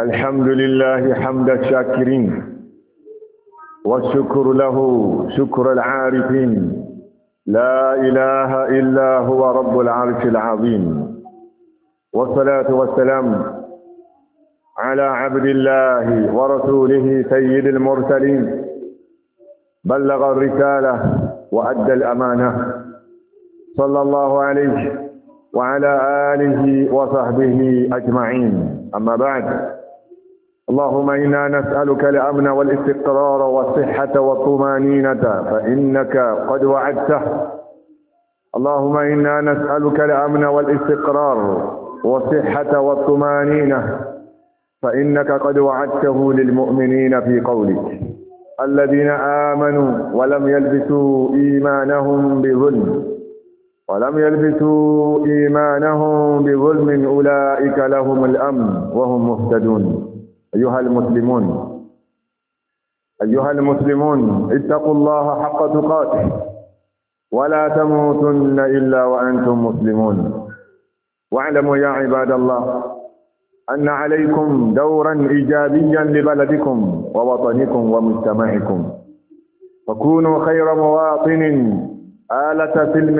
الحمد لله حمد الشاكرين والشكر له شكر العارفين لا إله إلا هو رب العرش العظيم والصلاة والسلام على عبد الله ورسوله سيد المرسلين بلغ الرسالة وأدى الأمانة صلى الله عليه وعلى آله وصحبه أجمعين أما بعد اللهم إنا نسألك الأمن والاستقرار والصحة والطمانينة فإنك قد وعدته اللهم إنا نسألك الأمن والاستقرار والصحة والطمانينة فإنك قد وعدته للمؤمنين في قولك الذين آمنوا ولم يلبسوا إيمانهم بظلم ولم يلبسوا إيمانهم بظلم أولئك لهم الأمن وهم مهتدون أيها المسلمون أيها المسلمون اتقوا الله حق تقاته ولا تموتن إلا وأنتم مسلمون واعلموا يا عباد الله أن عليكم دورا إيجابيا لبلدكم ووطنكم ومجتمعكم فكونوا خير مواطن آلة سلم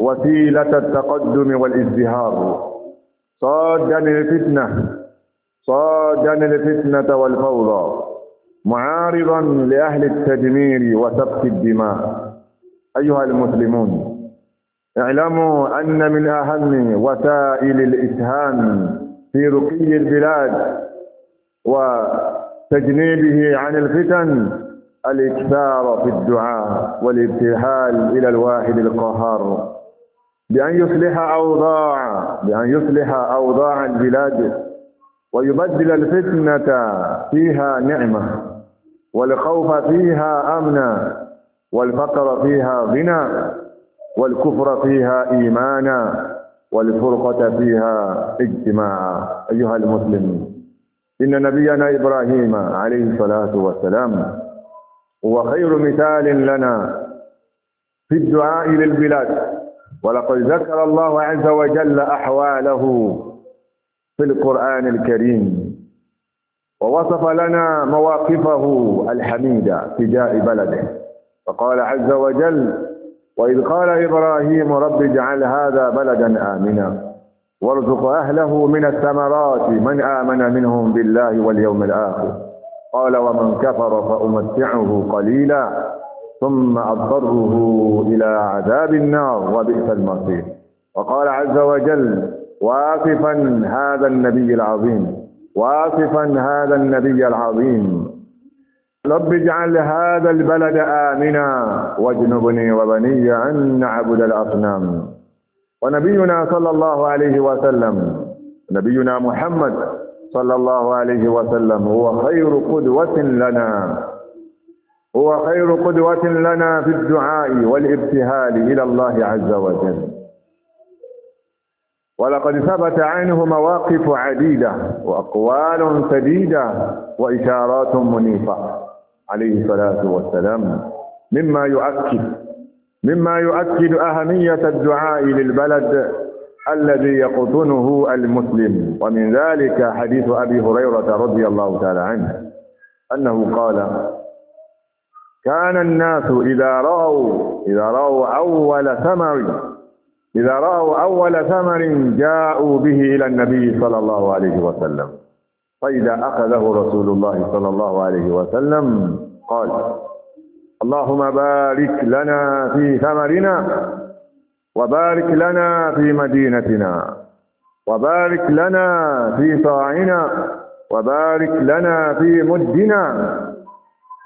وسيلة التقدم والازدهار صادا للفتنة صادا الفتنة والفوضى معارضا لأهل التدمير وسفك الدماء أيها المسلمون اعلموا أن من أهم وسائل الإسهام في رقي البلاد وتجنيبه عن الفتن الإكثار في الدعاء والابتهال إلى الواحد القهار بأن يصلح أوضاع بأن يصلح أوضاع البلاد ويبدل الفتنة فيها نعمة والخوف فيها أمنا والفقر فيها غنى والكفر فيها إيمانا والفرقة فيها اجتماعا أيها المسلمون إن نبينا إبراهيم عليه الصلاة والسلام هو خير مثال لنا في الدعاء للبلاد ولقد ذكر الله عز وجل أحواله في القرآن الكريم ووصف لنا مواقفه الحميدة تجاه بلده فقال عز وجل وإذ قال إبراهيم رب اجعل هذا بلدا آمنا وارزق أهله من الثمرات من آمن منهم بالله واليوم الآخر قال ومن كفر فأمتعه قليلا ثم أضطره إلى عذاب النار وبئس المصير وقال عز وجل واصفا هذا النبي العظيم واصفا هذا النبي العظيم رب اجعل هذا البلد آمنا واجنبني وبني أن نعبد الأصنام ونبينا صلى الله عليه وسلم نبينا محمد صلى الله عليه وسلم هو خير قدوة لنا هو خير قدوة لنا في الدعاء والابتهال إلى الله عز وجل ولقد ثبت عنه مواقف عديدة وأقوال سديدة وإشارات منيفة عليه الصلاة والسلام مما يؤكد مما يؤكد أهمية الدعاء للبلد الذي يقطنه المسلم ومن ذلك حديث أبي هريرة رضي الله تعالى عنه أنه قال كان الناس إذا رأوا إذا رأوا أول ثمر إذا رأوا أول ثمر جاءوا به إلى النبي صلى الله عليه وسلم فإذا أخذه رسول الله صلى الله عليه وسلم قال اللهم بارك لنا في ثمرنا وبارك لنا في مدينتنا وبارك لنا في صاعنا وبارك لنا في مدنا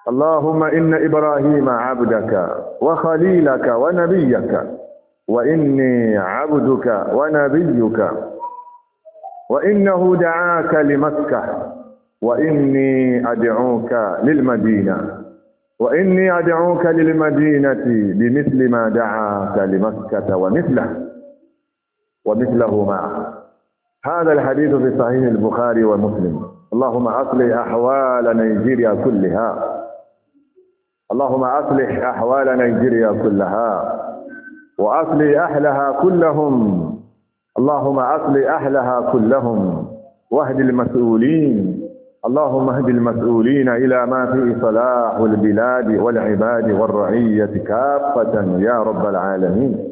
اللهم إن إبراهيم عبدك وخليلك ونبيك وإني عبدك ونبيك وإنه دعاك لمكة وإني أدعوك للمدينة وإني أدعوك للمدينة بمثل ما دعاك لمكة ومثله ومثله معه هذا الحديث في صحيح البخاري ومسلم اللهم أصلح أحوال نيجيريا كلها اللهم أصلح أحوال نيجيريا كلها واصل أهلها كلهم اللهم اصل أهلها كلهم واهد المسؤولين اللهم اهد المسؤولين إلى ما فيه صلاح البلاد والعباد والرعية كافة يا رب العالمين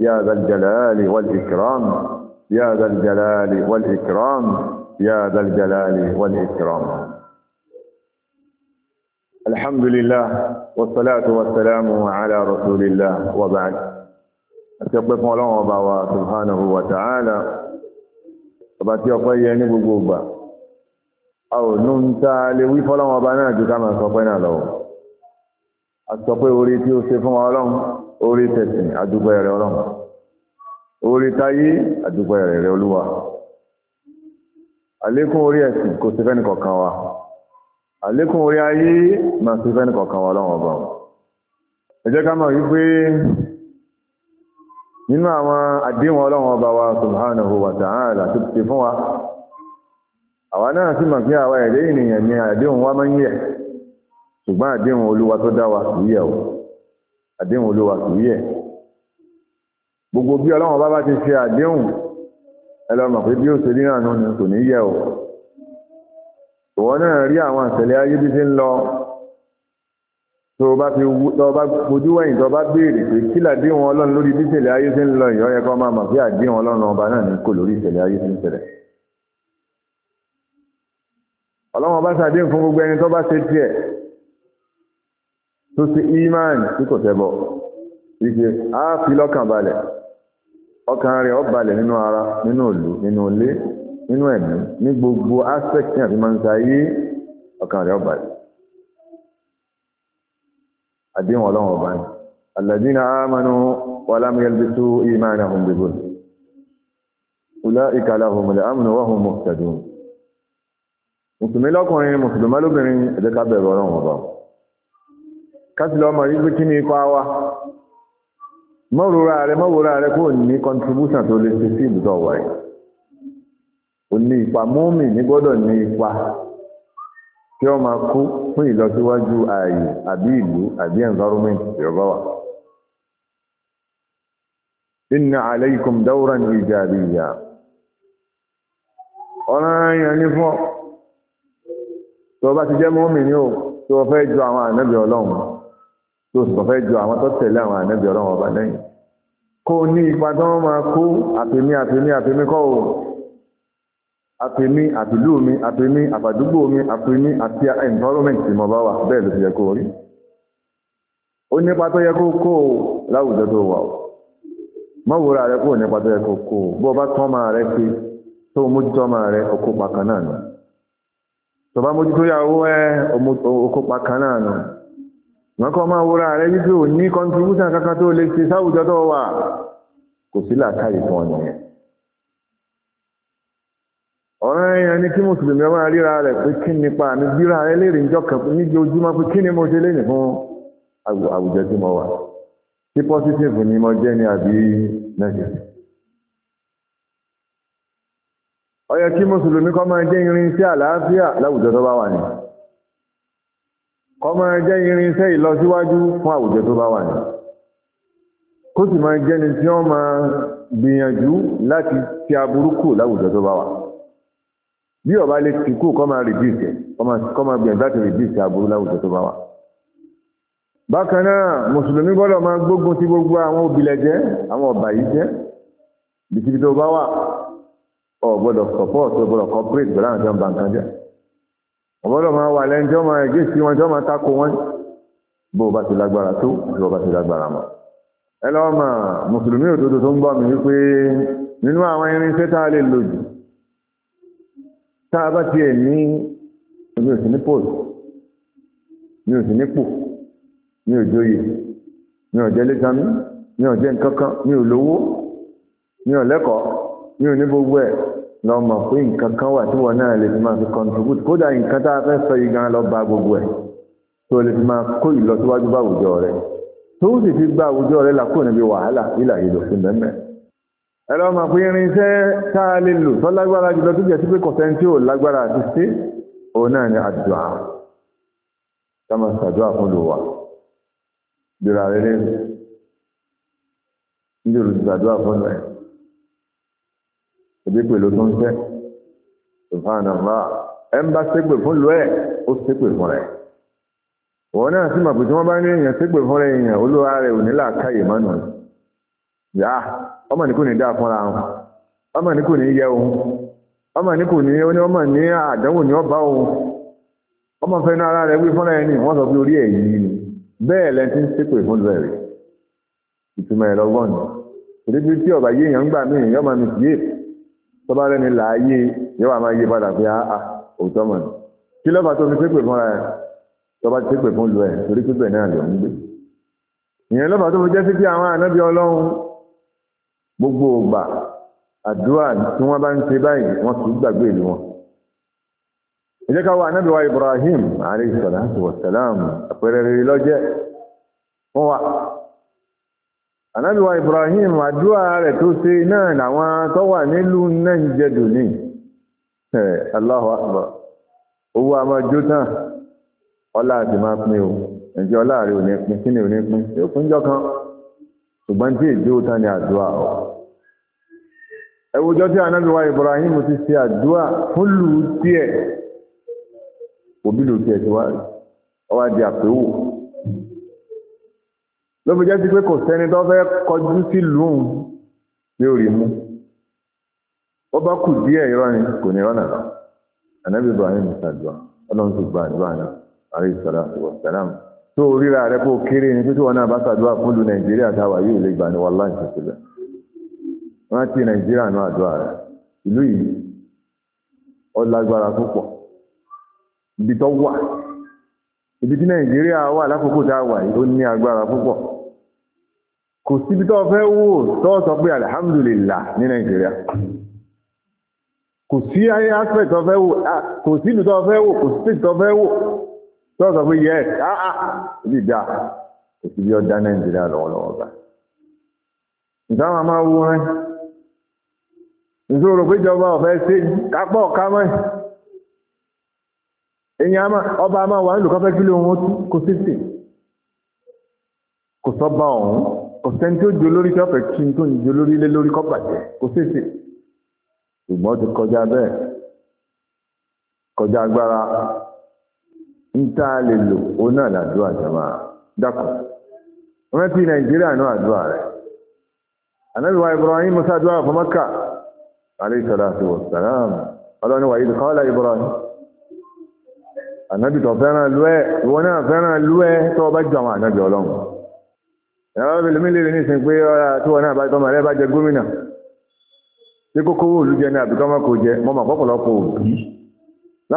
يا ذا الجلال والإكرام يا ذا الجلال والإكرام يا ذا الجلال والإكرام الحمد لله والصلاة والسلام على رسول الله وبعد àti ọpẹ́ fún ọlọ́run ọba wa subhanahu wa ta'ala ọba tí ọpẹ́ yẹ ní gbogbo ìgbà a ò nú ń ta lè wí fọ́lọ́run ọba náà ju ká máa sọ pé náà lọ a sọ pé orí tí ó ṣe fún ọlọ́run orí tẹ̀sìn àdúpẹ́ rẹ ọlọ́run nínú àwọn àdéhùn ọlọ́run ọba wa subhanahu wa ta'ala tó ti fún wa àwa náà sì mọ̀ pé àwa ẹ̀dẹ́ ènìyàn ni àdéhùn wa máa ń yẹ̀ ṣùgbọ́n àdéhùn olúwa tó dá wa kìí yẹ̀ o àdéhùn olúwa kìí yẹ̀ gbogbo bí ọlọ́run ọba bá ti ṣe àdéhùn ẹ lọ mọ̀ pé bí ó o ìwọ tó o bá fi o bá fojú wẹ̀yìn tó o bá béèrè pé kí làdí wọn ọlọ́run lórí bí ìṣẹ̀lẹ̀ ayé ṣe ń lọ ìyọ́ yẹ kó máa mọ̀ sí àdí wọn ọlọ́run ọba náà ní kò lórí ìṣẹ̀lẹ̀ ayé ṣe ń ṣẹlẹ̀. ọlọ́run ọba ṣàdéhùn fún gbogbo ẹni tó bá ṣe tiẹ̀ tó ṣe iman tí kò tẹ́ bọ̀ ìṣe á fi lọ́kàn balẹ̀ ọkàn rẹ̀ ó balẹ̀ nínú ara nínú ìlú nínú ilé nínú ẹ̀mí ní gbogbo aspect ní àfi máa ń ṣayé ọkàn rẹ̀ ó balẹ̀ àdéhùn ọlọ́run ọba ni alladhina amanu wa lam yalbisu imanahum bizulm ulaika lahumul amnu wa hum muhtadun mùsùlùmí lọ́kùnrin mùsùlùmí lóbìnrin ẹ jẹ́ ká bẹ̀rù ọlọ́run ọba kásìlẹ̀ ọmọ ni ipa tí ó máa kú fún ìlọsíwájú ààyè àbí ìlú àbí environment ìrọ̀bá wa. inna alaykum dawran ijabiyya ọ̀ràn yẹn ní fún tó bá ti jẹ́ mọ́mì ní o tó fẹ́ ju àwọn ànábì ọlọ́run tó sì fẹ́ ju àwọn tó tẹ̀lé àwọn ànábì ọlọ́run ọba lẹ́yìn kó ní ipa tó máa kú àfimí àfimí àfimí kọ́ o. àtẹ̀mí àtìlú omi àtẹ̀mí àtàdúgbò omi àtẹ̀mí àti environment bá wà bẹ́ẹ̀ ló ti yẹ kó rí ó nípa tó yẹ kó kó o wà o mọ́wòrán rẹ kó nípa tó yẹ kó kó o bó o bá tán máa rẹ ṣe tó o mójútó máa rẹ o kópa kan náà nù tó o bá mójútó yàwó ẹ kan náà nù máa èèyàn ni kí mùsùlùmí máa ríra rẹ̀ pé kí nípa àmì bíra rẹ̀ lè rí ìjọ kan níjọ ojúmọ́ pé kí ni mo ṣe léyìn fún àwùjọ tí mo wà tí positive ni mo jẹ́ ni àbí negative. ó yẹ kí mùsùlùmí kọ́ máa jẹ́ irinṣẹ́ àlàáfíà láwùjọ tó bá wà ní kọ́ máa jẹ́ irinṣẹ́ ìlọsíwájú fún àwùjọ tó bá wà ní kó sì máa jẹ́ni tí wọ́n máa gbìyànjú láti ti aburúkù láwùjọ tó bá wà ní bí ọba lè ti kú kọ́ máa rìdíìsì kọ́ máa gbìyànjú láti rìdíìsì aburú láwùjọ tó bá wà. bákan náà mùsùlùmí gbọ́dọ̀ máa gbógun ti gbogbo àwọn òbílẹ̀ jẹ́ àwọn ọ̀bà yìí jẹ́ bìtìbì tó bá wà o gbọ́dọ̀ support o gbọ́dọ̀ cooperate pẹ̀lú àwọn ìjọba nǹkan jẹ́ o gbọ́dọ̀ máa wà lẹ́ni tí wọ́n máa gé sí wọn tí wọ́n máa tako wọn bó o bá ti lágbára tó bó o bá ti lágbára mọ́ ẹ lọ́ọ́ mà mùsùlùmí òdodo tó ń gbọ́ mi wípé nínú àwọn irinṣẹ́ tá a lè lò jù tá a bá tiẹ̀ ní mi ò sí ní pòlù mi ò sí ní pò mi ò joyè mi ò jẹ́ létamí mi ò jẹ́ nǹkan kan mi ò lówó mi ò lẹ́kọ̀ọ́ mi ò ní gbogbo ẹ̀ lọ mọ̀ pé nǹkan kan wà tí wọ́n náà lè fi máa fi contribute kódà nǹkan tá a fẹ́ sọ yìí gan lọ ba gbogbo ẹ̀ tó lè fi máa kó ìlọsíwájú bá àwùjọ rẹ̀ tó sì fi gba àwùjọ rẹ̀ là níbi wàhálà ìlà ìlòfin mẹ́mẹ́ ẹ̀rọ ọmọ pé irinṣẹ́ táa lè lò tó lágbára jùlọ tó jẹ́ sí pé kọ̀sẹ́ tí ò lágbára àti sí òun náà ni àdúrà sáma ṣàdúrà fún lò wà ìdúrà rẹ lẹ́nu nítorí ṣàdúrà fún lò ẹ̀ ẹbí pẹ̀lú tó ń fẹ́ ìfànàmà ẹ ń bá ṣépè fún lò ẹ̀ ó ṣépè fún rẹ̀ wọn náà sì mọ̀ pé tí wọ́n bá ní èèyàn ṣépè fún rẹ̀ èèyàn olúwa rẹ̀ ò ní làákàyè mọ́nà ya ọmọ ní kò ní dáa fúnra wọn ọmọ ní kò ní yẹ òun ọmọ ní kò ní ó ní ọmọ ní àdánwò ní ọba òun ọmọ fẹ́ ní ara rẹ̀ wí fúnra ẹni wọ́n sọ pé orí ẹ̀ yìí ni bẹ́ẹ̀ lẹ́ni tí ń ṣépè fún bẹ̀rẹ̀ ìtumọ̀ ẹ̀rọ gbọ́n ni torí bí tí ọba yé èèyàn ń gbà mí èèyàn máa mi kì í tọ́ba rẹ̀ ni làáyé yóò wá máa yé padà pé áá ah, ah, òótọ́ mọ̀ ni kí lọ́ba tó fi ṣépè fúnra ẹ̀ tọ́ba ti ṣépè fún lu ẹ̀ torí pípẹ̀ náà lè ń gbé ìyẹn lọ́ba tó fi jẹ́ sí pé àwọn ànábì ọlọ́run gbogbo ògbà àdúrà tí wọ́n bá ń ṣe báyìí wọ́n kì í gbàgbé ìlú wọn ìjẹ́ká wa anábìwá Ibrahim alayhi salatu wa salam àpẹẹrẹ rere lọ́jẹ́ wọ́n wà anábìwá Ibrahim àdúrà rẹ̀ tó ṣe náà làwọn tó wà nílùú náà ń jẹ dùn ní Allahu Akbar owó àmọ́jú tán ọlá àti máa pín o ẹ̀jẹ̀ ọlá rẹ̀ ò ní pín kí ni ò ní pín òpínjọ́ kan ṣùgbọ́n tí èdè ó tán ni àdúrà ọ̀ ẹwùjọ́ tí anábíwá Ibrahim ti ṣe àdúrà fún lù tí ẹ̀ òbí lù tí ẹ̀ ti wá ọwá di àpéwò ló fi jẹ́ sí pé kò sẹ́ni tó fẹ́ kọjú sí lùún ní orí mú ó bá kù díẹ̀ ìrọ́rin kò ní rọ́nà lọ anábí Ibrahim ṣàdúrà ọlọ́run ti gba àdúrà náà àríyí sọ́lá ìwọ̀sálàm tó ríra rẹ̀ kó kéré ní títí wọn náà bá ṣàdúrà fún Nàìjíríà táwa yìí lè gbà ní wàláì ṣẹṣẹ bẹ́ẹ̀ rántí nàìjíríà náà àdúrà rẹ̀ ìlú yìí ó lágbára púpọ̀ ibi tó wà ibi tí nàìjíríà wà lákòókò tá a wà yìí ó ní agbára púpọ̀ kò síbi tó fẹ́ wò tó sọ pé alihamudulilah ní nàìjíríà kò sí ayé aspect tó fẹ́ wò kò sí ìlú tó fẹ́ wò kò sí state tó fẹ́ wò tó sọ pé yes ah ah ibi ìdá kò sí bí ọ̀dá nàìjíríà lọ́wọ́lọ́wọ́ bá. ìdáhùn a máa ìṣòro péjọba ọ̀fẹ́ ṣe kápọ̀ kámọ́ èyàn ọba a máa wà nílùú kọfẹ́ kí ló wọn kò sí sí kò sọ́ba ọ̀hún kò sẹ́ni tó jò lórí tọ́fẹ́ kí n tó jò lórí ilé lórí kọ́ bàjẹ́ kò sí sí ṣùgbọ́n ti kọjá bẹ́ẹ̀ kọjá agbára ń tá a lè lò ó náà làdúrà jọba dákọ̀ rántí nàìjíríà náà àdúrà rẹ̀ ànábìwá Ibrahim musa àdúrà fún alayhi salatu wassalam ọlọ́ni wà ìdí wa Ibrahim ànábì tó fẹ́ràn lú ẹ ìwọ náà fẹ́ràn lú ẹ tó bá jọ àwọn ànábì ọlọ́run ìyàwó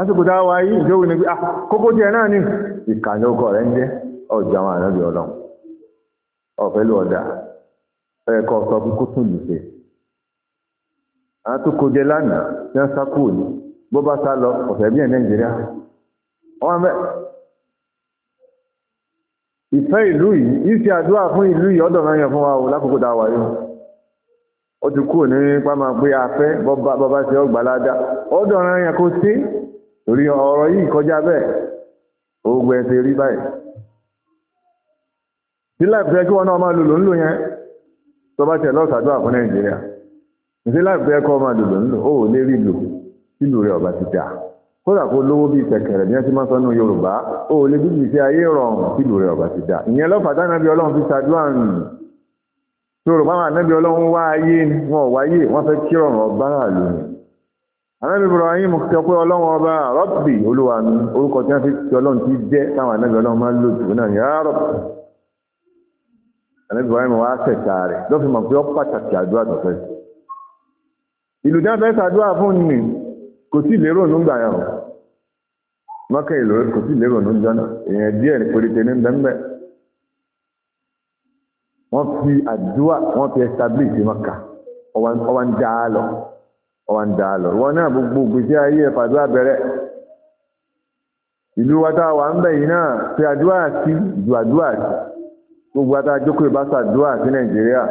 bẹ̀rẹ̀ a wá yí ìjọwò ni pé ah, kókó jẹ náà ní ìkànnì ọkọ àwọn tó kojẹ lánàá tí wọ́n sá bó bá sá lọ ọ̀fẹ́ bí ẹ̀ nàìjíríà ìfẹ́ ìlú yìí àdúrà fún ìlú yìí ọ̀dọ̀ fún wa o lákòókò tá a wà yìí ó ti kúrò ní pàmò pé afẹ́ bọ́bá ṣe ọgbà ọ̀dọ̀ náà yẹ kó sí torí ọ̀rọ̀ yìí kọjá bẹ́ẹ̀ ogun rí báyìí sílẹ̀ kí wọn náà máa lò lò ń lò yẹn tó bá tẹ̀ lọ́sàdúrà fún nàìjíríà ìṣe láìpẹ́ ẹ̀kọ́ ọmọ àdùdù ńlò ó lè rí ìlú ìlú rẹ̀ ọ̀bà ti dà kódà kó lówó bíi tẹ̀kẹ̀rẹ̀ bí wọ́n ti máa sọ ní Yorùbá ó lè bí ìṣe ayé rọrùn ìlú rẹ̀ ọ̀bà ti dà ìyẹn lọ́fà tánàbí Ọlọ́run fi ṣàdúrà nù Yorùbá máa nábì Ọlọ́run wá ayé wọn wáyé wọ́n fẹ́ kí rọrùn ọba lónìí anábì Ibrahim sọ pé Ọlọ́run ọba rọ́bì olúwa mi orúkọ tí wọ́n fi ti Ọlọ́run ti jẹ́ táwọn anábì Ọlọ́run máa ń lò jù náà ní rọ́bì anábì Ibrahim wá tẹ̀ka rẹ̀ lọ́fìmọ̀ pé ó pàtàkì àdúrà tọ̀fẹ́ ìlú tí wọ́n fẹ́ ṣàdúrà fún ni kò sí lérò nígbà yẹn o mọ́kàn ìlú kò sí lérò níjọ́ náà èèyàn díẹ̀ ní péréte ní bẹ́ẹ̀ wọ́n fi àdúrà wọ́n fi establish mọ́kà ọwọ́ ń dá a lọ ọwọ́ ń dá a lọ wọn náà gbogbo gbèsè ayé ẹ̀ fàdúrà bẹ̀rẹ̀ ìlú wa tá wà ń bẹ̀ yìí náà fi àdúrà sí ju àdúrà sí gbogbo wa ìbáṣà àdúrà sí nàìjíríà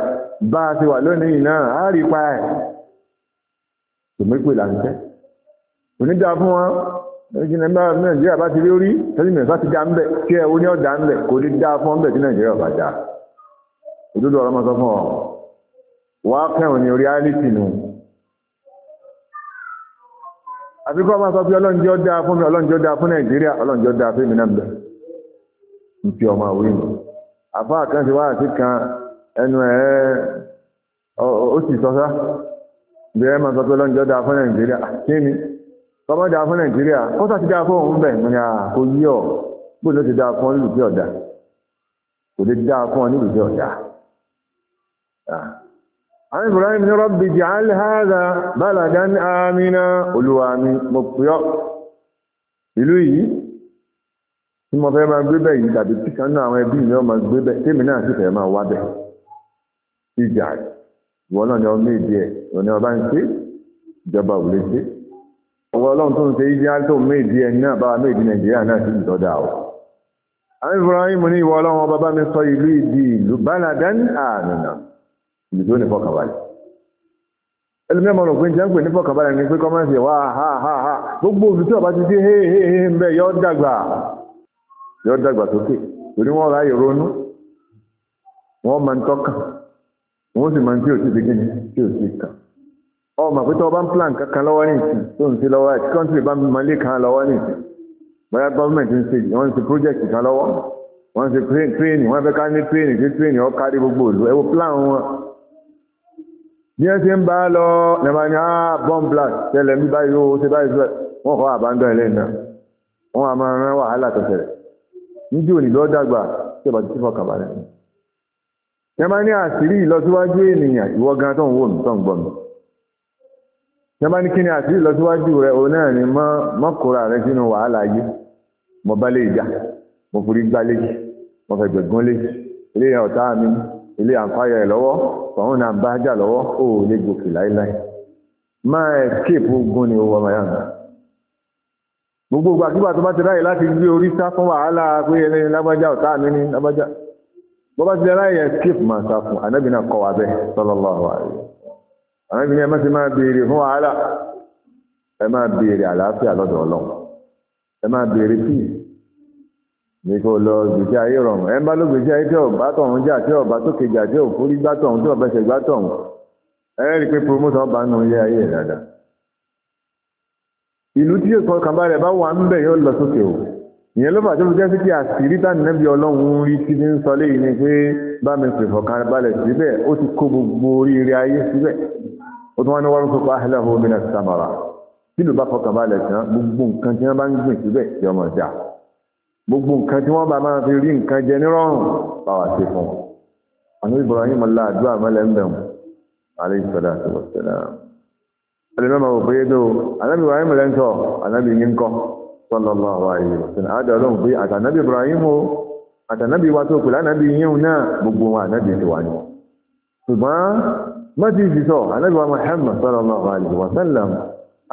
bá a ti wà lónìí náà á rí pa ẹ̀ tòmépè làǹtẹ́ onídà fún wọn ẹ̀jìnà bá nàìjíríà bá ti rí orí tẹ́lẹ̀mẹ̀ bá ti dá ń bẹ̀ kí ẹ̀ oní ọ̀dà ń bẹ̀ kò ní dá fún ọ̀bẹ̀ tí nàìjíríà bá dá òdodo ọ̀rọ̀ mọ́tọ́ fún ọ wà á kẹ́hùn ní orí áìlìtì nù àfi kọ́ máa sọ pé ọlọ́njọ́ dá fún mi ọlọ́njọ́ dá fún nàìjíríà ọlọ́njọ́ dá fún mi náà bẹ̀ ń fi ọmọ àwòrán mi àfáà kan ti wá àti kan ẹnu ẹ̀ ó sì sọ sá bẹ́ẹ̀ máa sọ pé lọ́njọ́ dáa fún nàìjíríà kí ni tọ́mọ́ dáa fún nàìjíríà kó sá ti dáa fún òun bẹ̀ ní àkó yí ọ̀ bó ló ti dáa fún ọ nílùú kò lè dáa fún ọ àwọn ní rọ́bì jẹ́ ní àmìnà mo pè ọ́ ìlú yìí tí mo fẹ́ máa gbé yìí tàbí tí kan náà àwọn ẹbí mi máa gbé náà sì fẹ́ máa wá ìjà rẹ̀. ìwọ náà ni ọmọ èdè ẹ̀ òní ọba ń ṣe ìjọba ò lè ṣe ọwọ́ ọlọ́run tó ń ṣe ìdí àtò méjì ẹ̀ náà bá méjì nàìjíríà náà sí ìtọ́jà ọ̀ àwọn Ibrahim ní ìwọ ọlọ́run ọba bá mi sọ ìlú ìdí ìlú baladan àmìnà ìlú tó ní fọkànbalẹ̀ ẹlùmí ọmọ rò pé jẹ́ ń pè ní fọkànbalẹ̀ ní pé kọ́mọ́sì wá ha ha ha gbogbo òfin tí ti dé hehehe ń bẹ yọ dàgbà yọ dàgbà sókè torí wọn ráyè ronú wọn máa ń tọ́kàn wọ́n sì máa ń tí ò sí ti gíní tí ò sí kà ọmọ pé tọ́ bá ń plan kankan lọ́wọ́ ní ìsìn tó ń ṣe lọ́wọ́ àti kọ́ńtì bá ń malé kan lọ́wọ́ ní ìsìn bóyá gọ́ọ̀mẹ̀ntì ń ṣe wọ́n ń ṣe project kan lọ́wọ́ wọ́n ń ṣe training wọ́n fẹ́ ká ní training tí training ó kárí gbogbo ìlú ẹ wo plan wọn. bí ẹ ṣe ń bá lọ nàbà ní á ah, bomb blast tẹ́lẹ̀ mi báyìí ó ṣe báyìí wọ́n kọ́ àbándọ́ ẹ̀ lẹ́nu wọ́n á máa yẹn bá ní àṣírí ìlọsíwájú ènìyàn ìwọ gan tó ń wò mí tó ń gbọ́ mi yẹn ní kí ni àṣírí ìlọsíwájú rẹ òun náà ni mọ́kòrò rẹ sínú wàhálà ayé mo bá lè jà mo forí gbá léjì mo fẹ́ gbẹ̀gbọ́n léjì ilé ọ̀tá mi ilé àǹfààyà ẹ̀ lọ́wọ́ tọ̀hún náà bá jà lọ́wọ́ ó lè gòkè láéláé máa escape ogun ni owó ọmọ gbogbo ìgbàkúgbà tó bá ti ráyè láti gbé orí sá fún wàhálà pé ẹni lágbájá ọ̀tá mi ní lágbájá bọ́bá ti ara yẹ skip máa sá fún anábì náà kọ́ wa bẹ́ẹ̀ sallallahu alaihi anábì náà ẹ ti máa béèrè fún wàhálà ẹ máa béèrè àlàáfíà lọ́dọ̀ ọlọ́run ẹ máa béèrè ní kó lọ gbèsè ayé rọrùn ẹ ń bá ló gbèsè ayé tí ọba jà tí ọba òfúrí gbá tí ẹ rí i pé ọba nù ilé ayé o. ìyẹn ló fàá tó fi jẹ́ sí kí àṣírí tá nẹ́bí ọlọ́run rí tí ní sọ léyìí ni pé bá mi pè fọ̀kan balẹ̀ síbẹ̀ ó ti kó gbogbo oríire ayé síbẹ̀ ó tún wá ní wọ́n fọ́pá ahlahu min as-samara sílù bá fọkàn balẹ̀ sí wọn gbogbo nǹkan tí wọ́n bá ń gbìn síbẹ̀ tí ọmọ ìjà gbogbo nǹkan tí wọ́n bá máa fi rí nǹkan jẹ nírọ̀rùn bá wà ṣe fún wọn. àná Ibrahim aláàdúrà mọ́lẹ̀ ń bẹ̀rù alayhi salatu wassalam. ẹlẹ́mọ̀ òfin yé tó anábì Ibrahim lẹ́ńtọ̀ anábì yín kọ́ sallallahu alaihi wasallam àádọ́lọ́hùn pé àtànábì Ibrahim o àtànábì wa tó pèlú ànábì yíhun náà gbogbo wọn ànábì ti wà ní ṣùgbọ́n mọ́tí ìsìtọ̀ ànábì wa Muhammad sallallahu alaihi wasallam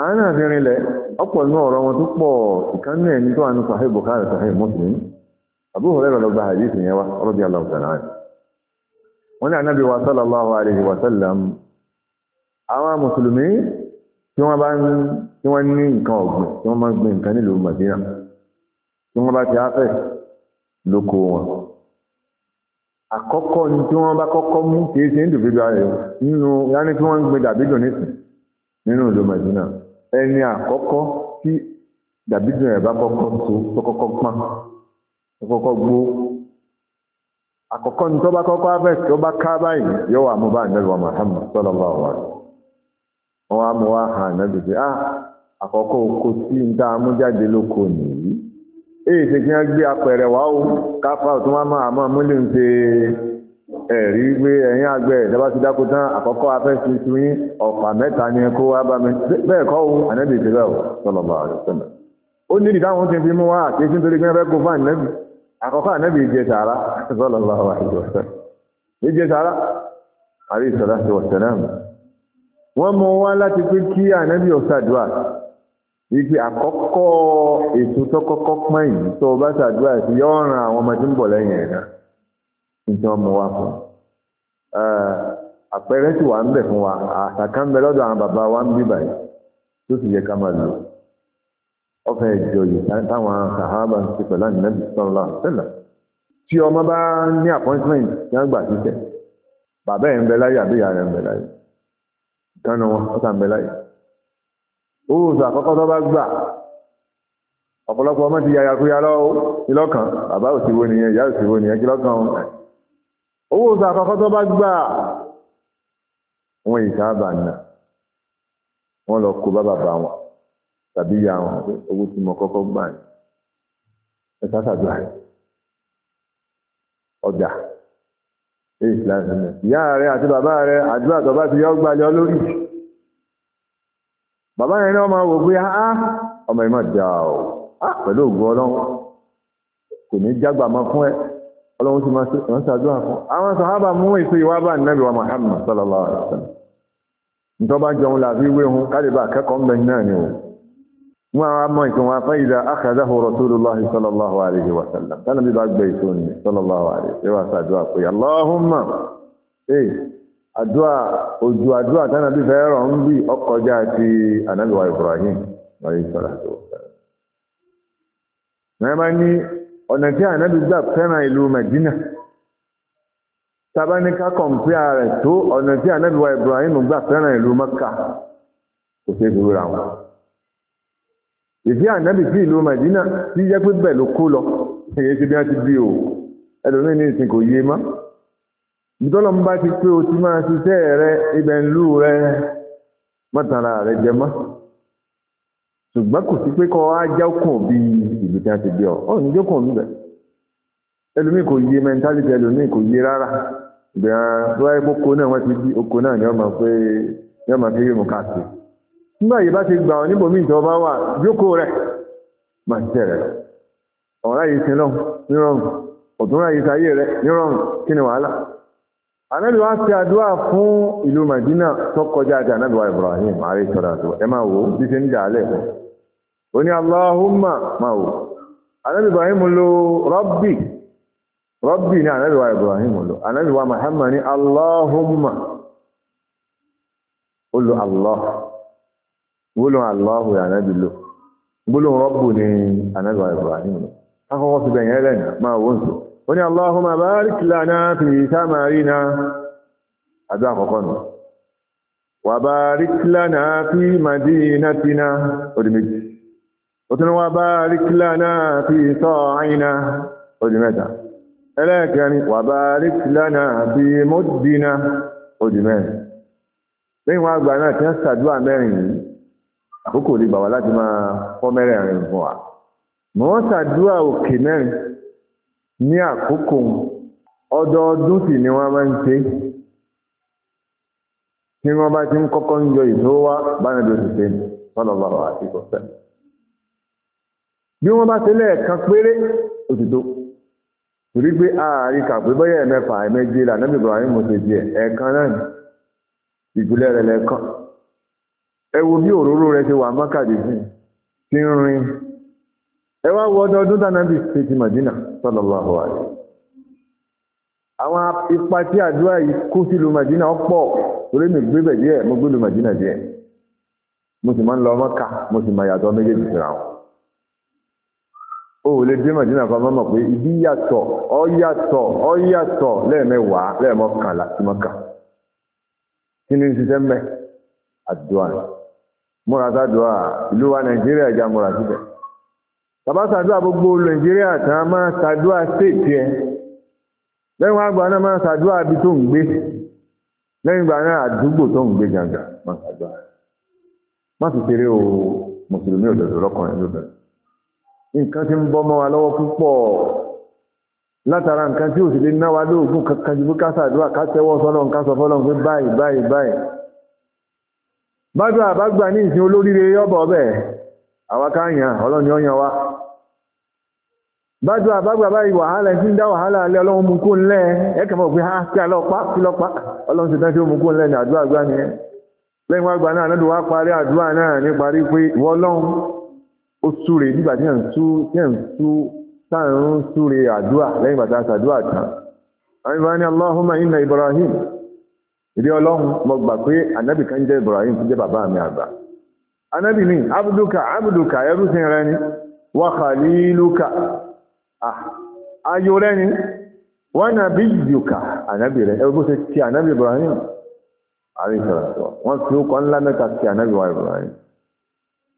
àánà fi rinlẹ̀ ọ̀pọ̀ inú ọ̀rọ̀ wọn tó pọ̀ ìkánú ẹni tó wà ní Sahih Bukhari Sahih Muslim Abu Hurairah lọ gba hadith yẹn wa radiyallahu ta'ala wọn ní ànábì wa sallallahu alaihi wasallam àwọn mùsùlùmí tí wọ́n bá ń tí wọ́n ní nǹkan ọ̀gbìn tí wọ́n máa ń gbin nǹkan nílùú Madina tí wọ́n bá ti afẹ́ lóko wọn àkọ́kọ́ ní tí wọ́n bá kọ́kọ́ mú kìí ṣe individual rẹ̀ nínú yáni tí wọ́n ń gbin dàbídùn nísìn nínú ìlú Madina ẹni àkọ́kọ́ tí dàbídùn rẹ̀ bá kọ́kọ́ so tó kọ́kọ́ pọ́n tó kọ́kọ́ gbó àkọ́kọ́ ní tó bá kọ́kọ́ afẹ́ tó bá ká báyìí yóò wà mú bá ìdẹ́gbọ̀n Muhammad sallallahu alaihi wasallam wọ́n á mú wá hàn náà dùdú á ah, àkọ́kọ́ oko tí ń tá a lóko nìyí èyí ṣe kí wọ́n gbé apẹ̀rẹ̀ wá o káfá òtún wá máa mọ́ múlẹ̀ ń ṣe ẹ̀rí pé ẹ̀yin àgbẹ̀ ìjọba ti dáko tán àkọ́kọ́ afẹ́sí tu yín ọ̀pá mẹ́ta ni kó wá bá mi bẹ́ẹ̀ kọ́ o ànábì ti bẹ́ẹ̀ o sọlọ bá ọ̀rẹ́ sọlọ. ó ní ìdí táwọn ti fi mú wá àti èsì nítorí pé wọ́n fẹ́ kó fún ànábì àkọ́kọ́ ànábì jẹ sàrà sọlọ bá ọ̀rẹ́ sọlọ. ìjẹ sàrà àrí ìsọlá ti wọ̀ sẹ́lẹ̀mù wọ́n mọ wá láti pé kí ànábì ọ̀sàdúà wípé àkọ́kọ́ ètò tó kọ́kọ́ pọ́n yìí tó o bá ṣàdúrà sí yọ ọ̀ràn àwọn ọmọ tí ń bọ̀ lẹ́yìn ẹ̀ náà nítorí wọ́n mọ wá fún àpẹẹrẹ sì wà ń bẹ fún wa àṣà kan bẹ lọ́dọ̀ àwọn bàbá wa ń bí báyìí tó sì yẹ ká máa lò ọfẹ ìjọ táwọn sàhábà ń ṣe pẹ̀lú ànínábì sọlá sẹlẹ tí ọmọ bá ní appointment tí wọ́n gbà síṣẹ́ bàbá ẹ̀ ń bẹ láyé àbí ìyá rẹ̀ ń bẹ láyé kánú wọn ó sàmì láyé oòsù àkọ́kọ́ tó bá gbà ọ̀pọ̀lọpọ̀ ọmọ ti yàyà kúya lọ kílọ́kàn bàbá òsìwò nìyẹn ìyá òsìwò nìyẹn kílọ́kàn oòsù àkọ́kọ́ tó bá gbà wọn ìsáàbà nà wọn lọ kó bá bàbá wọn tàbí ìyá wọn owó tí mo kọ́kọ́ gbà ní ẹ sáà ọjà islam sílẹ̀ ìyá rẹ̀ àti bàbá rẹ̀ àdúrà tó bá ti yọ gbalẹ̀ olórí bàbá yẹn náà máa wò pé á ah, ah, ọmọ ìmọ̀ dà ó á ah, pẹ̀lú ògùn ọlọ́run kò ní jágbà máa fún ẹ ọlọ́run ti máa ń ṣàdúrà fún àwọn sàhábà mú èso ìwà bá nàbì wa Muhammad sallallahu alaihi wasallam nítorí bá jọun làbí wéhun kálíbà kẹ́kọ̀ọ́ mbẹ̀ náà ni o. وما كما فإذا أخذه رسول الله صلى الله عليه وسلم كان بيبعد بيتوني صلى الله عليه وسلم أدعاء قوي اللهم إيه أدعاء أدعاء أدعاء كان بي فيرا عمبي أقجاتي أنا دعاء إبراهيم عليه الصلاة والسلام ما يعني أنا تي أنا بيبعد كان إلو مدينة tabanika kọ̀ǹpíà rẹ̀ tó ọ̀nà tí anábìwá Ibrahim gbà fẹ́ràn ìlú Mẹ́kà kò ṣe é fi wúra wọn ìdí ànábì sí ìlú Madina tí yẹ pé bẹ́ẹ̀ ló kó lọ èyí ti bí wọ́n ti bí o ẹlòmíín ní ìsìn kò yé má ìdọ́lọ́mú bá ti pé o ti máa ṣiṣẹ́ rẹ ibẹ̀ ń lù rẹ mọ́tàlá rẹ jẹ ṣùgbọ́n kò sí pé kọ́ bí ìlú tí ti bí ọ ní jókòó ẹlòmíín kò yé ẹlòmíín kò yé rárá tó wáyé kókó náà wọ́n ti bí náà ni wọ́n máa fi nígbà yìí bá ti gbà ọ níbòmí ìjọba bá wà jókòó rẹ̀ máa ń tẹ̀ rẹ̀ ọ̀rá yìí sin náà nírọ̀rùn ọ̀túnrà yìí sáyé rẹ̀ nírọ̀rùn kí ni wàhálà anábì wá ṣe àdúrà fún ìlú Madina tó kọjá àti anábì wa Ibrahim ààrẹ ìṣọ̀rọ̀ àti ẹ máa wò ó bí ṣe ń jà á lẹ̀ fún ó ní Allahumma máa wò anábì Ibrahim lo Rabbi Rabbi ní anábì Ibrahim lo anábì Muhammad ní Allahumma ó lo Allah. gbólóhùn aláhùn ànábì gbólóhùn rọ́bù ní ànábì ibrahim akọ́kọ́ ti bẹ̀yẹn lẹ́nà máa wọ́n sọ ó ní aláhùn àbárík lánà fi sámàrínà àjọ àkọ́kọ́ nù wàbárík fi ó tún fi fi mọ́dínà lẹ́yìn náà tí wọ́n ṣàdúrà mẹ́rin yìí àkókò lè gbà wá láti máa kọ́ mẹ́rẹ̀ẹ̀rin fún wa mọ́ ṣàdúrà òkè mẹ́rin ní àkókò ọdọọdún sì ni wọ́n máa ń ṣe tí wọ́n bá ti ń kọ́kọ́ ń yọ ìṣó wá bánadò sì ṣe sallallahu àti wasallam bí wọ́n bá ṣe lẹ́ẹ̀kan péré torí pé ààrin kàpé bọ́yẹ̀ mẹ́fà ẹ̀mẹ́jì là díẹ̀ ẹ̀ẹ̀kan náà ìpìlẹ̀ rẹ̀ lẹ́ẹ̀kan ewu wo bí òróró rẹ ti wà mọ́kàdínlẹ́ ti ń rin ẹ wá wọ ọdọọdún tánàbí ṣe Màdínà sallallahu alaihi àwọn ipa tí àdúrà yìí kó sílùú Màdínà pọ̀ torí mi gbé bẹ̀ díẹ̀ mo gbé lu Màdínà mo sì máa ń lọ Mọ́kà mo sì máa yàtọ̀ méjèèjì síra wọn o lè dé Màdínà pé ibi yàtọ̀ ọ yàtọ̀ ọ yàtọ̀ lẹ́ẹ̀mẹ́wàá lẹ́ẹ̀mọ́kànlá sí Mọ́kà kí ni ṣiṣẹ́ mẹ́ àdúrà múra sádùá ìlú wa nàìjíríà já múra síbẹ̀ bàbá sàdúà gbogbo olú nàìjíríà a máa sàdúà stéètì ẹ lẹ́yìn wá gbà náà máa sàdúà bí tó ń gbé lẹ́yìn gbà náà àdúgbò tó ń gbé gàǹgà máa sàdúà má fi ṣeré o mùsùlùmí òdòdó lọ́kùnrin lóbẹ̀ nǹkan ti ń bọ́ mọ́ wa lọ́wọ́ púpọ̀ látara nǹkan tí òṣèlú náwa lóògùn kankan ju bí ká sàdúà ká tẹ́wọ́ sọ́lọ́ nǹkan sọ fọ́lọ́ pé báyìí báyìí bájọ́ àbágbà ní ìsìn olóríire ọbọ̀ ọbẹ̀ àwakáyàn ọlọ́ni ọyàn wa bájọ́ àbágbà báyìí wàhálà tí ń dá wàhálà alẹ́ ọlọ́run mú kó ńlẹ́ ẹ̀kẹ̀mọ̀ pé ha kí alọ́pá kí lọ́pá ọlọ́run ti dájú mú kó ńlẹ́ ní àdúrà gbá ni lẹ́yìn wá náà lọ́dún wá parí àdúrà náà ní parí pé ó súre nígbà tí sú ń súre àdúrà lẹ́yìn bàtà àdúrà tán ìdí ọlọ́run mo gbà pé ànábì kan jẹ́ Ibrahim tó jẹ́ bàbá mi àgbà ànábì mi abduka abduka ya rẹ ni wa khaliluka ah, ayò rẹ ni wa nabiyuka ànábì rẹ ẹrú bó ti ànábì Ibrahim àríṣàràṣọ wọ́n fi ó kọ́ mẹ́ta ti wa Ibrahim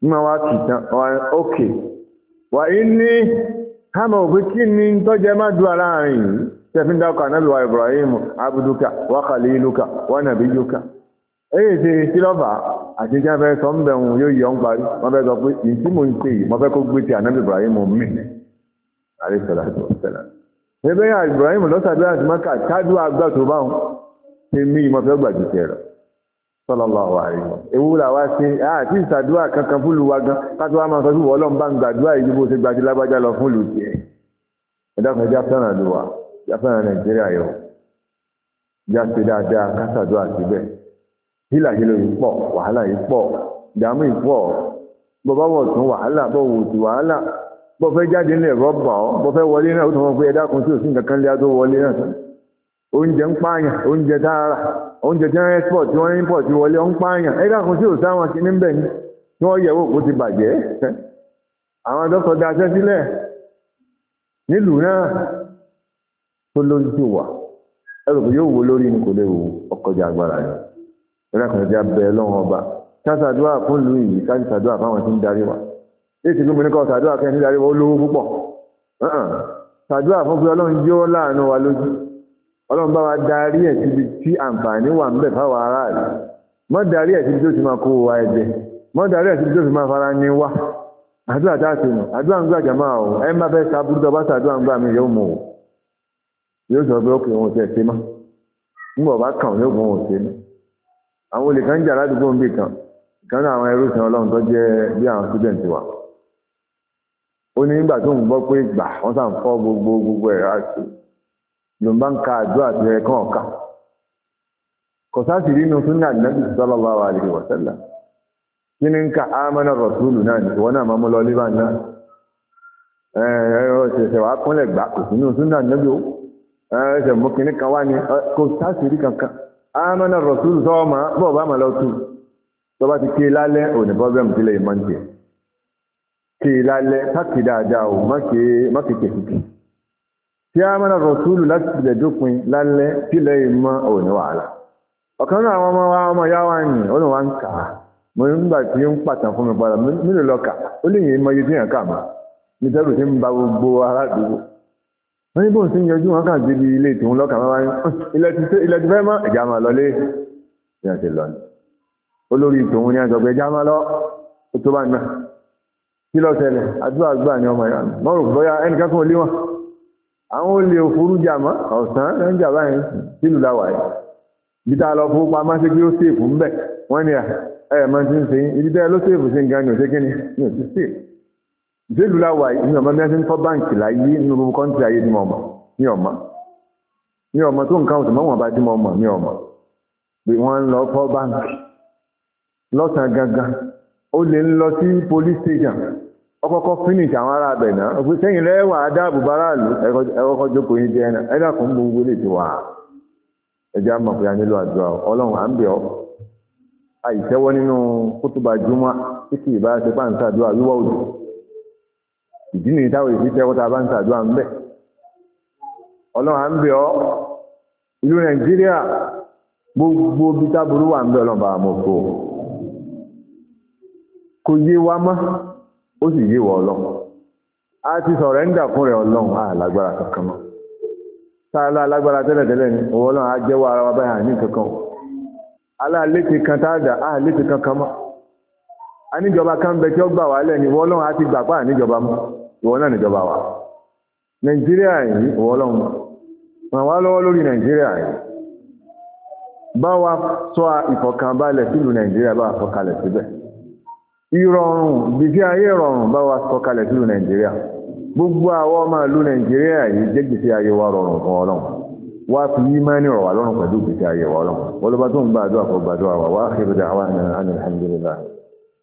nígbà wa tán ókè wà ní hàmà òfin kí ni tọ́jẹ́ má tẹ́fín dákọ̀ anábìwá ibrahim abduka wa khaliluka wa nabiyuka èyí ti kílọ́fà àti tí wọ́n fẹ́ sọ ń bẹ̀ wọn yóò yọ ń parí wọ́n fẹ́ sọ pé ìyí tí mò ń pè yìí wọ́n fẹ́ kó gbé ti anábì ibrahim mi àrí sọ̀rọ̀ àti ọ̀sẹ̀lá ẹgbẹ́ yà ibrahim lọ́sàdúrà àti mọ́kà ṣáájú àgbà tó bá wọn ṣe mí ìmọ̀ fẹ́ gbàjú tẹ̀ rẹ̀ sallallahu alaihi ewu la wá sí àti ìsàdúrà kankan fún lu gan kátó wa máa sọ sí wọ́ọ́lọ́mbà ń gbàdúrà yìí bó ṣe gbàdúrà lágbájá lọ fún lu ẹ̀dá kan já fẹ́ràn jáfẹ́ràn nàìjíríà yọ jáfe dáadáa kásàdó àtibẹ̀ hílàhílò yìí pọ̀ wàhálà yìí pọ̀ ìdààmú yìí pọ̀ bọ́bá wọ̀ tún wàhálà bọ́ wò sí wàhálà bọ́ fẹ́ jáde nílẹ̀ rọ́bà ọ́ bọ́ fẹ́ wọlé náà ó tún fọ́ pé ẹ̀dá kan tí ò sí nǹkan kan lé adó wọlé náà oúnjẹ ń pààyàn oúnjẹ tààrà oúnjẹ tí wọ́n export tí wọ́n import wọlé ń pààyàn ẹ̀dá kan tí ò sáwọn kìíní ń bẹ̀ ni tí wọ́n yẹ̀wò kó ti bàjẹ́ àwọn dọ́kọ̀ daṣẹ́ sílẹ̀ nílùú náà tó lórí tó wà ẹrù yóò wo lórí ní kò lè wò ọkọjà agbára rẹ ìrẹ́ kan ti abẹ lọ́wọ́ ọba fún ìlú yìí káṣàdúrà fáwọn tí ń darí wa èsì gbogbo ní ṣàdúrà darí wa ó lówó púpọ̀ ṣàdúrà fún pé ọlọ́run yóò láàánú wa lójú bá wa darí síbi tí àǹfààní wà ń fáwọn aráàlú wa darí síbi tó ti yóò sọ pé ókè òun ò tẹ̀ ṣe mọ́ nígbà bá kàn yóò fún òun ṣe mọ́ àwọn olè kan jà ládùúgbò ń bì kan kan náà àwọn ẹrú sàn ọlọ́run tó jẹ́ bí àwọn student wa ó ní nígbà tó ń gbọ́ pé gbà wọ́n sàn fọ́ gbogbo gbogbo ẹ̀rọ àti lòun bá ń ka àdúrà tó yẹ kán ọ̀ka kò sáàsì nínú súnà nàbì sallallahu alaihi wa sallam kí ni ń ka amana rasulu náà ní ìwọ náà máa mú lọ lébà náà wàá kúnlẹ̀ gbà kò sínú súnà nàbì ó ẹ̀ṣẹ̀ mú kìíní kan wá ní kò sáàsìrí kankan amẹ́nà rọ̀tún sọ́ọ̀mà bọ́ bá mà lọ́tún tó bá ti kí lálẹ́ òní bọ́bẹ̀mù sílẹ̀ ìmọ̀ ń jẹ kí lálẹ́ káàkiri dáadáa ò má kì kèkìkì tí amẹ́nà rọ̀tún láti tilẹ̀ dópin lálẹ́ sílẹ̀ ìmọ̀ òní wàhálà ọ̀kan náà àwọn ọmọ wa ọmọ yá wa ní ọ̀nà wa ń kà á mo nígbà tí ń pàtàn fún mi padà mí lè lọ kà ó lè yẹn mọ iye tí yàn kà mọ́ nítorí tí ń ba gbogbo aládùúgbò wọ́n ní bóun ti ń yọjú wọn kà débi ilé tòun lọ́kà máa ń ilẹ̀ ti fẹ́ mọ́ ẹ̀já máa lọlé bí wọ́n ti lọ ni olórí tòun ní àjọpọ̀ ẹ̀já máa lọ tó bá nà kí lọ ṣẹlẹ̀ àdúrà gbà ní ọmọ ìyá mọ́ rò bóyá ò lé àwọn olè òfurú jà mọ́ ọ̀sán ẹ̀ ń jà báyìí sílùú làwà yìí bí a lọ fowó pamọ́ sí kí ó sèfù ń bẹ̀ wọ́n ní ẹ̀ ẹ̀ máa ti ń sèyí ibi tẹ́ ló sèfù sí nǹkan ní òṣèkínní ní òṣèkínní zéèlù láwà ní ọmọ mẹ́sẹ̀ ń la yi láyé nínú kọ́ńtì ayé ní ọmọ ní ọmọ tó nǹkan oṣù ọmọ ní ọmọ dị wọ́n lọ kọ́ báǹkì gangan ó lọ sí police station ọkọ̀kọ́ finish àwọn ará náà òfin adáàbò ti wà a nílò àdúrà ọlọ́run à ń bẹ̀ ọ́ nínú ìbára ìdí nìyí táwọn èsì tẹ́kọ́ta bá ń ṣàdúrà ń bẹ̀ ọlọ́run ń ọ́ ìlú nàìjíríà gbogbo bí táburú wà ń bẹ̀ ọlọ́run bàbá mọ̀ ọ kò yé wa mọ́ ó sì yé wa a ti sọ̀rẹ́ńdà fún rẹ̀ ọlọ́run á lágbára kankan mọ́ sáàlá alágbára tẹ́lẹ̀tẹ́lẹ̀ ni á jẹ́wọ́ ara wa ní kankan aláàlétí kan kankan mọ́ kan bẹ tí ó gbà wálẹ̀ ni á ti gbà àníjọba mọ́ ìwọ náà níjọba wa nàìjíríà yìí ìwọ ọlọ́run ràn wá lọ́wọ́ lórí nàìjíríà yìí bá wa sọ ìfọ̀kànbalẹ̀ sílùú nàìjíríà bá wa fọkalẹ̀ síbẹ̀ ìrọ̀rùn gbèsè ayé ìrọ̀rùn bá wa fọkalẹ̀ sílùú nàìjíríà gbogbo àwọn ọmọ ìlú nàìjíríà yìí jẹ́ gbèsè ayé wa rọrùn fún ọlọ́run wá fi yí máa ní ọ̀rọ̀ wà lọ́rùn pẹ̀lú gbèsè ayé wa ọlọ́run wọ́n ló bá tó ń gbàdúrà fọ́ gbàdúrà wà wá àkérò dáhà wà ní alhamdulillah